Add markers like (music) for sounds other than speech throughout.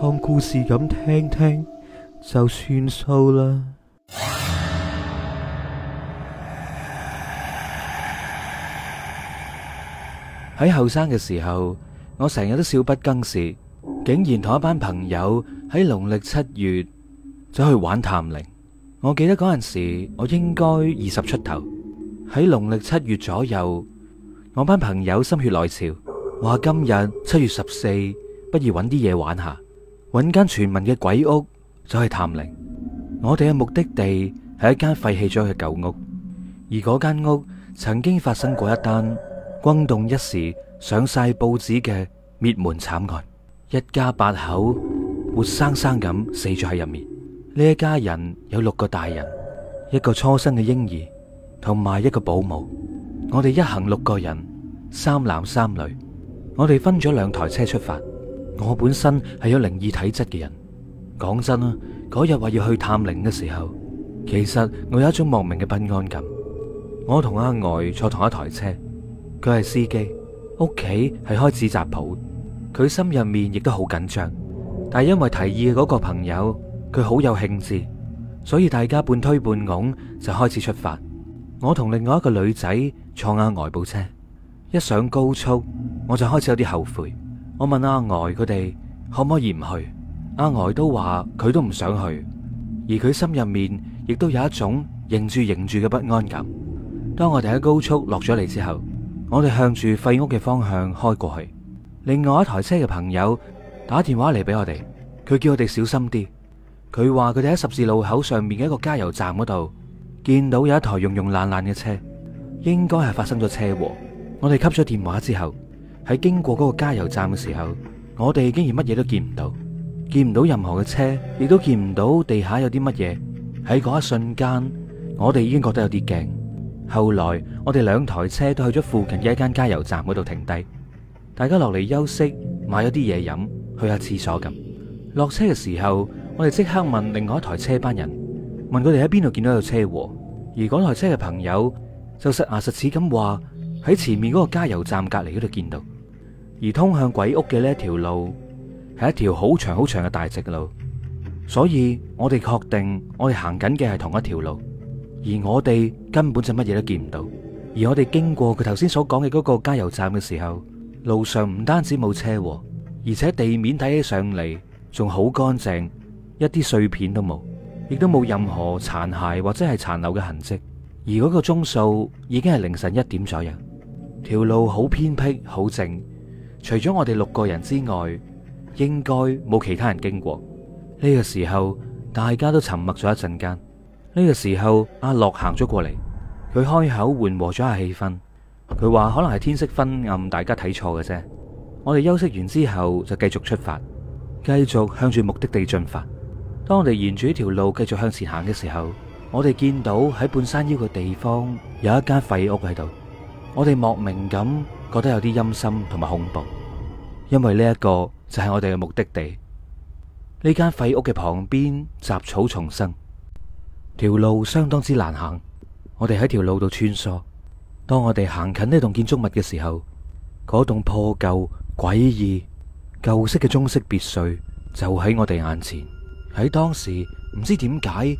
當故事咁聽聽就算數啦。喺 (noise) (noise) 後生嘅時候，我成日都少不更事，竟然同一班朋友喺農曆七月走去玩探靈。我記得嗰陣時，我應該二十出頭。喺農曆七月左右，我班朋友心血來潮，話今日七月十四，不如搵啲嘢玩，玩下。搵間傳聞嘅鬼屋就去探靈。我哋嘅目的地係一間廢棄咗嘅舊屋，而嗰間屋曾經發生過一單轟動一時、上晒報紙嘅滅門慘案，一家八口活生生咁死咗喺入面。呢一家人有六個大人，一個初生嘅嬰兒，同埋一個保姆。我哋一行六個人，三男三女。我哋分咗兩台車出發。我本身係有靈異體質嘅人，講真啊，嗰日話要去探靈嘅時候，其實我有一種莫名嘅不安感。我同阿外坐同一台車，佢係司機，屋企係開紙紮鋪，佢心入面亦都好緊張。但係因為提議嘅嗰個朋友，佢好有興緻，所以大家半推半拱就開始出發。我同另外一個女仔坐下外部車，一上高速我就開始有啲後悔。我問阿呆，佢哋可唔可以唔去？阿呆都話佢都唔想去，而佢心入面亦都有一種凝住凝住嘅不安感。當我哋喺高速落咗嚟之後，我哋向住廢屋嘅方向開過去。另外一台車嘅朋友打電話嚟俾我哋，佢叫我哋小心啲。佢話佢哋喺十字路口上面嘅一個加油站嗰度見到有一台溶溶爛爛嘅車，應該係發生咗車禍。我哋吸咗電話之後。喺經過嗰個加油站嘅時候，我哋竟然乜嘢都見唔到，見唔到任何嘅車，亦都見唔到地下有啲乜嘢。喺嗰一瞬間，我哋已經覺得有啲驚。後來我哋兩台車都去咗附近嘅一間加油站嗰度停低，大家落嚟休息，買咗啲嘢飲，去下廁所咁。落車嘅時候，我哋即刻問另外一台車班人，問佢哋喺邊度見到有車禍，而嗰台車嘅朋友就實牙實齒咁話喺前面嗰個加油站隔籬嗰度見到。而通向鬼屋嘅呢條路係一條好長好長嘅大直路，所以我哋確定我哋行緊嘅係同一條路，而我哋根本就乜嘢都見唔到。而我哋經過佢頭先所講嘅嗰個加油站嘅時候，路上唔單止冇車禍，而且地面睇起上嚟仲好乾淨，一啲碎片都冇，亦都冇任何殘骸或者係殘留嘅痕跡。而嗰個鐘數已經係凌晨一點左右，條路好偏僻，好靜。除咗我哋六個人之外，應該冇其他人經過。呢個時候，大家都沉默咗一陣間。呢個時候，阿樂行咗過嚟，佢開口緩和咗下氣氛。佢話：可能係天色昏暗，大家睇錯嘅啫。我哋休息完之後，就繼續出發，繼續向住目的地進發。當我哋沿住條路繼續向前行嘅時候，我哋見到喺半山腰嘅地方有一間廢屋喺度。我哋莫名咁。覺得有啲陰森同埋恐怖，因為呢一個就係我哋嘅目的地。呢間廢屋嘅旁邊雜草叢生，條路相當之難行。我哋喺條路度穿梭。當我哋行近呢棟建築物嘅時候，嗰棟破舊、詭異、舊式嘅中式別墅就喺我哋眼前。喺當時唔知點解，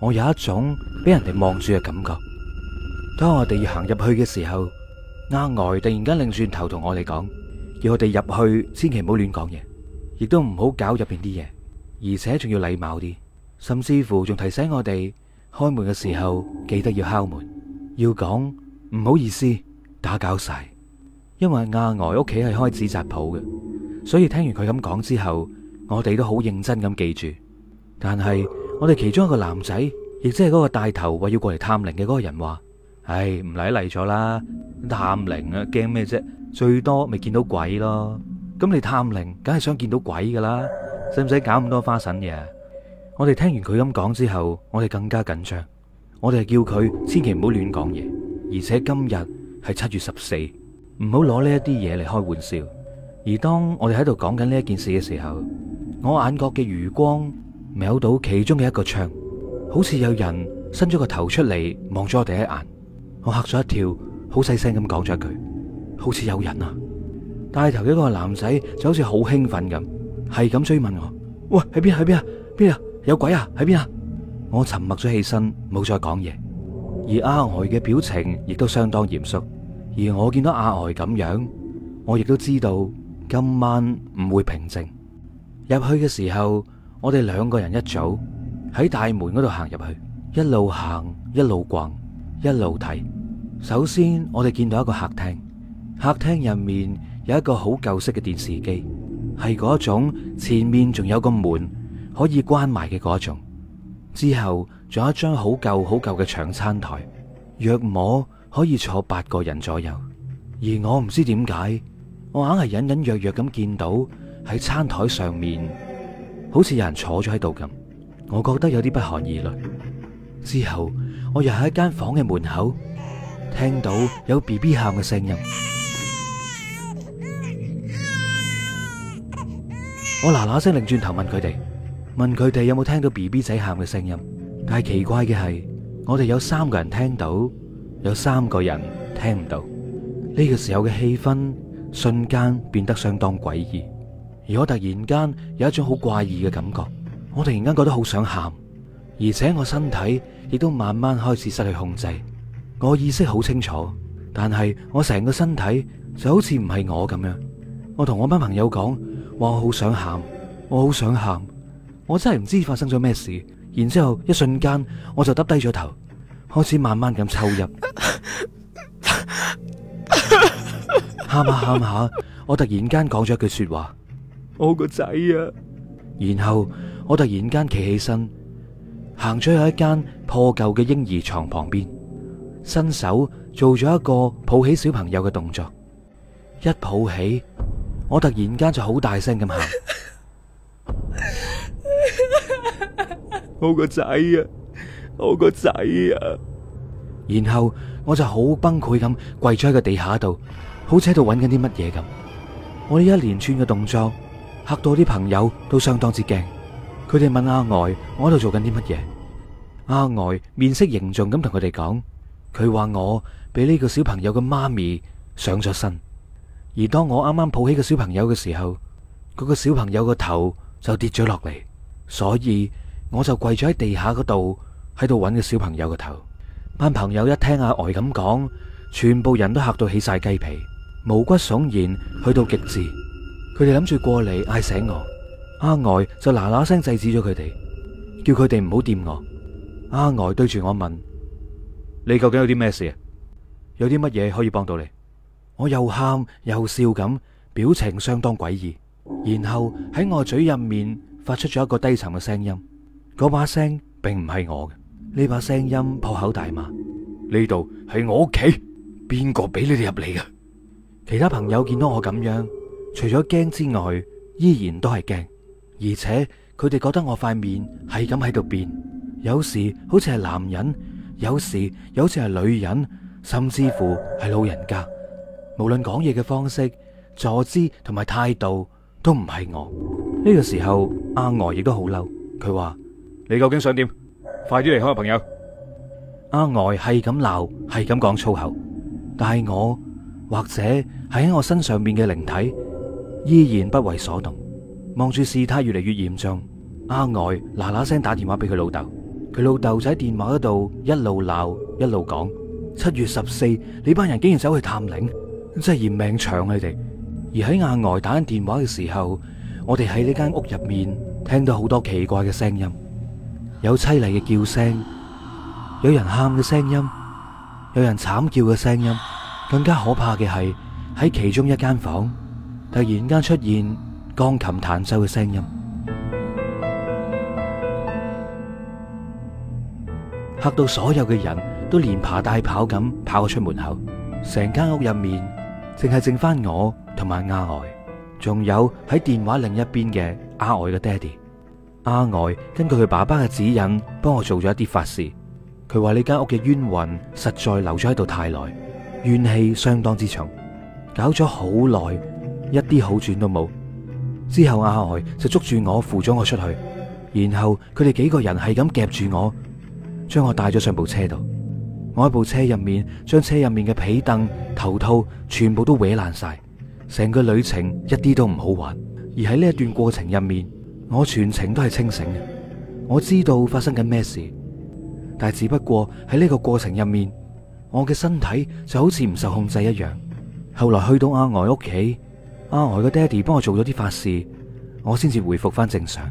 我有一種俾人哋望住嘅感覺。當我哋要行入去嘅時候，阿呆突然間擰轉頭同我哋講：要我哋入去，千祈唔好亂講嘢，亦都唔好搞入邊啲嘢，而且仲要禮貌啲，甚至乎仲提醒我哋開門嘅時候記得要敲門，要講唔好意思打攪晒。因為阿呆屋企係開紙紮鋪嘅，所以聽完佢咁講之後，我哋都好認真咁記住。但係我哋其中一個男仔，亦即係嗰個帶頭話要過嚟探靈嘅嗰個人話。唉，唔嚟嚟咗啦！探靈啊，驚咩啫？最多咪見到鬼咯。咁你探靈，梗係想見到鬼噶啦，使唔使搞咁多花神嘢？我哋聽完佢咁講之後，我哋更加緊張。我哋叫佢千祈唔好亂講嘢，而且今日係七月十四，唔好攞呢一啲嘢嚟開玩笑。而當我哋喺度講緊呢一件事嘅時候，我眼角嘅餘光瞄到其中嘅一個窗，好似有人伸咗個頭出嚟望咗我哋一眼。我吓咗一跳，好細聲咁講咗一句，好似有人啊！帶頭嘅一個男仔就好似好興奮咁，係咁追問我：喂，喺邊？喺邊啊？邊啊？有鬼啊？喺邊啊？我沉默咗起身，冇再講嘢。而阿呆嘅表情亦都相當嚴肅。而我見到阿呆咁樣，我亦都知道今晚唔會平靜。入去嘅時候，我哋兩個人一組，喺大門嗰度行入去，一路行，一路逛，一路睇。首先，我哋見到一個客廳，客廳入面有一個好舊式嘅電視機，係嗰一種前面仲有個門可以關埋嘅嗰一種。之後仲有一張好舊好舊嘅長餐台，約摸可以坐八個人左右。而我唔知點解，我硬係隱隱約約咁見到喺餐台上面，好似有人坐咗喺度咁，我覺得有啲不寒而慄。之後，我又喺一間房嘅門口。聽到有 B B 喊嘅聲音，我嗱嗱聲擰轉頭問佢哋，問佢哋有冇聽到 B B 仔喊嘅聲音？但係奇怪嘅係，我哋有三個人聽到，有三個人聽唔到。呢個時候嘅氣氛瞬間變得相當詭異，而我突然間有一種好怪異嘅感覺，我突然間覺得好想喊，而且我身體亦都慢慢開始失去控制。我意識好清楚，但係我成個身體就好似唔係我咁樣。我同我班朋友講，話我好想喊，我好想喊，我真係唔知發生咗咩事。然之後一瞬間，我就耷低咗頭，開始慢慢咁抽泣。喊下喊下，我突然間講咗一句說話：我個仔啊！然後我突然間企起身，行咗去一間破舊嘅嬰兒床旁邊。伸手做咗一個抱起小朋友嘅動作，一抱起，我突然間就好大聲咁喊：我個仔啊，我個仔啊！然後我就好崩潰咁跪咗喺個地下度，好似喺度揾緊啲乜嘢咁。我呢一連串嘅動作吓到啲朋友都相當之驚，佢哋問阿呆：「我喺度做緊啲乜嘢？」阿呆面色凝重咁同佢哋講。佢話我俾呢個小朋友嘅媽咪上咗身，而當我啱啱抱起個小朋友嘅時候，嗰個小朋友個頭就跌咗落嚟，所以我就跪咗喺地下嗰度喺度揾個小朋友個頭。班朋友一聽阿呆咁講，全部人都吓到起晒雞皮，毛骨悚然去到極致。佢哋諗住過嚟嗌醒我，阿呆就嗱嗱聲制止咗佢哋，叫佢哋唔好掂我。阿呆對住我問。你究竟有啲咩事啊？有啲乜嘢可以幫到你？我又喊又笑咁，表情相當詭異。然後喺我嘴入面發出咗一個低沉嘅聲音，嗰把聲並唔係我嘅。呢把聲音破口大罵：呢度係我屋企，邊個俾你哋入嚟嘅？其他朋友見到我咁樣，除咗驚之外，依然都係驚，而且佢哋覺得我塊面係咁喺度變，有時好似係男人。有時又好似係女人，甚至乎係老人家，無論講嘢嘅方式、坐姿同埋態度都唔係我。呢個時候，阿呆亦都好嬲，佢話：你究竟想點？快啲離開，朋友！阿呆係咁鬧，係咁講粗口，但係我或者喺我身上面嘅靈體依然不為所動，望住事態越嚟越嚴重，阿呆嗱嗱聲打電話俾佢老豆。佢老豆仔喺電話嗰度一路鬧一路講，七月十四呢班人竟然走去探靈，真係嫌命長啊！你哋而喺額外打緊電話嘅時候，我哋喺呢間屋入面聽到好多奇怪嘅聲音，有凄厲嘅叫聲，有人喊嘅聲音，有人慘叫嘅聲音，更加可怕嘅係喺其中一間房間突然間出現鋼琴彈奏嘅聲音。吓到所有嘅人都連爬帶跑咁跑咗出門口，成間屋入面淨係剩翻我同埋阿外，仲有喺電話另一邊嘅阿外嘅爹哋。阿外根據佢爸爸嘅指引，幫我做咗一啲法事。佢話呢間屋嘅冤魂實在留咗喺度太耐，怨氣相當之重，搞咗好耐一啲好轉都冇。之後阿外就捉住我扶咗我出去，然後佢哋幾個人係咁夾住我。將我帶咗上部車度，我喺部車入面，將車入面嘅被凳、頭套全部都毀爛晒，成個旅程一啲都唔好玩。而喺呢一段過程入面，我全程都係清醒嘅，我知道發生緊咩事，但係只不過喺呢個過程入面，我嘅身體就好似唔受控制一樣。後來去到阿呆屋企，阿呆嘅爹哋幫我做咗啲法事，我先至回復翻正常。